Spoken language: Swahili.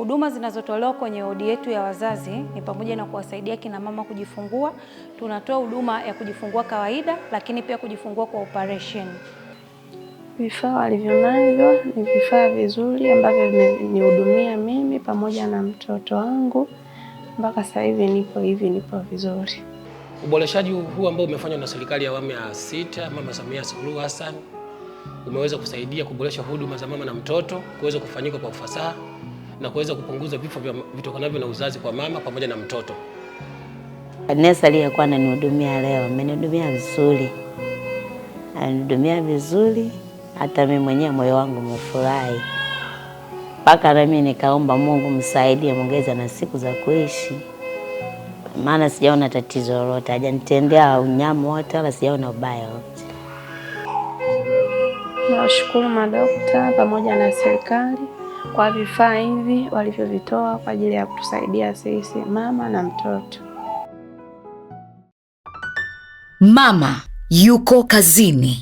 Huduma zinazotolewa kwenye wodi yetu ya wazazi ni pamoja na kuwasaidia kina mama kujifungua. Tunatoa huduma ya kujifungua kawaida, lakini pia kujifungua kwa operation. Vifaa walivyonavyo ni vifaa vizuri ambavyo vimenihudumia mimi pamoja na mtoto wangu. Mpaka sasa hivi nipo hivi, nipo vizuri. Uboreshaji huu ambao umefanywa na serikali ya awamu ya sita, Mama Samia Suluhu Hassan, umeweza kusaidia kuboresha huduma za mama na mtoto kuweza kufanyika kwa ufasaha na kuweza kupunguza vifo vitokanavyo na uzazi kwa mama pamoja na mtoto. Agnes aliyekuwa ananihudumia leo amenihudumia vizuri, ananihudumia vizuri, hata mimi mwenyewe moyo wangu umefurahi, mpaka nami nikaomba Mungu msaidie, muongeze na siku za kuishi, maana sijaona tatizo lolote, hajanitendea unyama wote, wala sijaona ubaya wote. Nawashukuru madaktari pamoja na serikali kwa vifaa hivi walivyovitoa kwa ajili ya kutusaidia sisi mama na mtoto. Mama Yuko Kazini.